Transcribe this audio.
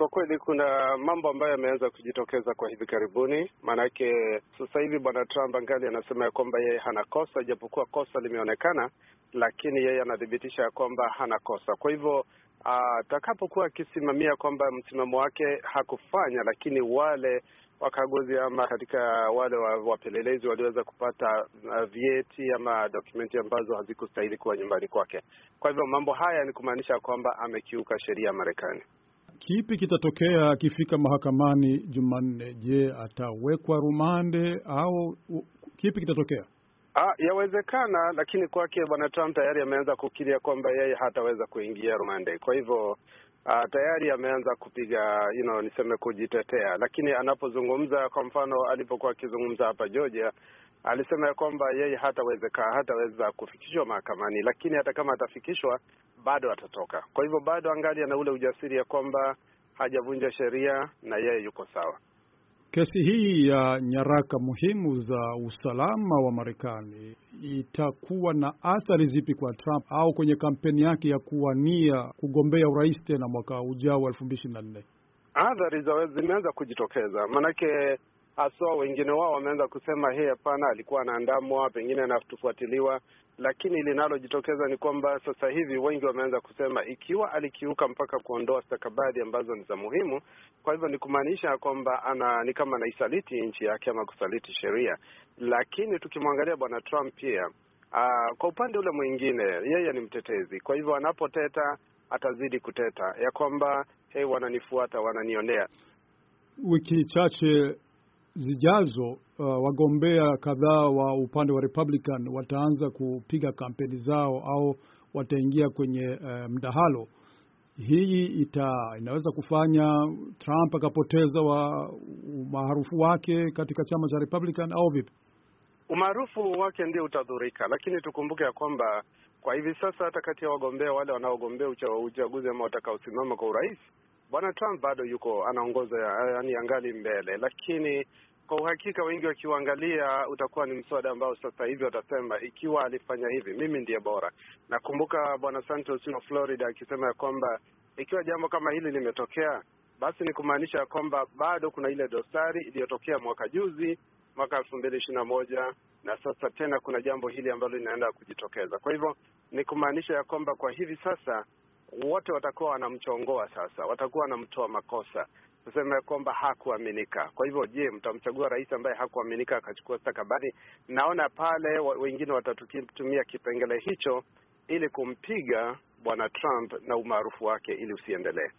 Kwa kweli kuna mambo ambayo yameanza kujitokeza kwa hivi karibuni, maanake sasa hivi bwana Trump angali anasema ya kwamba yeye hana kosa, ijapokuwa kosa limeonekana, lakini yeye anathibitisha ya kwamba hana kosa. Kwa hivyo ah, atakapokuwa akisimamia kwamba msimamo wake hakufanya, lakini wale wakaguzi ama katika wale wapelelezi waliweza kupata ah, vyeti ama dokumenti ambazo hazikustahili kuwa nyumbani kwake. Kwa hivyo mambo haya ni kumaanisha kwamba amekiuka sheria ya Marekani. Kipi kitatokea akifika mahakamani Jumanne? Je, atawekwa rumande au kipi kitatokea? Ah, yawezekana, lakini kwake bwana Trump tayari ameanza kukiria kwamba yeye hataweza kuingia rumande, kwa hivyo Uh, tayari ameanza kupiga you know, niseme kujitetea, lakini anapozungumza, kwa mfano alipokuwa akizungumza hapa Georgia, alisema ya kwamba yeye hatawezeka hataweza kufikishwa mahakamani, lakini hata kama atafikishwa bado atatoka. Kwa hivyo bado angali ana ule ujasiri ya kwamba hajavunja sheria na yeye yuko sawa. Kesi hii ya nyaraka muhimu za usalama wa Marekani itakuwa na athari zipi kwa Trump au kwenye kampeni yake ya kuwania kugombea urais tena mwaka ujao wa elfu mbili ishirini na nne? Athari zimeanza kujitokeza, maanake haswa. Wengine wao wameanza kusema hii, hapana, alikuwa anaandamwa, pengine anatufuatiliwa. Lakini linalojitokeza ni kwamba sasa hivi wengi wameanza kusema ikiwa alikiuka mpaka kuondoa stakabadhi ambazo ni za muhimu, kwa hivyo ni kumaanisha kwamba ana ni kama anaisaliti nchi yake ama kusaliti sheria. Lakini tukimwangalia bwana Trump pia aa, ah, kwa upande ule mwingine yeye ni mtetezi, kwa hivyo anapoteta atazidi kuteta ya kwamba hey, wananifuata wananionea. Wiki chache zijazo uh, wagombea kadhaa wa upande wa Republican wataanza kupiga kampeni zao au wataingia kwenye uh, mdahalo. Hii ita inaweza kufanya Trump akapoteza wa umaarufu wake katika chama cha Republican au vipi? Umaarufu wake ndio utadhurika, lakini tukumbuke ya kwamba kwa hivi sasa hata kati ya wagombea wale wanaogombea uchaguzi ama watakaosimama kwa urais Bwana Trump bado yuko anaongoza, yaani angali mbele, lakini kwa uhakika wengi wakiuangalia utakuwa ni mswada ambao sasa hivi watasema ikiwa alifanya hivi, mimi ndiye bora. Nakumbuka bwana Santos wa Florida akisema ya kwamba ikiwa jambo kama hili limetokea, basi ni kumaanisha ya kwamba bado kuna ile dosari iliyotokea mwaka juzi, mwaka elfu mbili ishiri na moja na sasa tena kuna jambo hili ambalo linaenda kujitokeza. Kwa hivyo ni kumaanisha ya kwamba kwa hivi sasa wote watakuwa wanamchongoa sasa, watakuwa wanamtoa makosa kusema ya kwamba hakuaminika. Kwa hivyo, je, mtamchagua rais ambaye hakuaminika akachukua stakabadhi? Naona pale wengine watatumia kipengele hicho ili kumpiga bwana Trump na umaarufu wake ili usiendelee.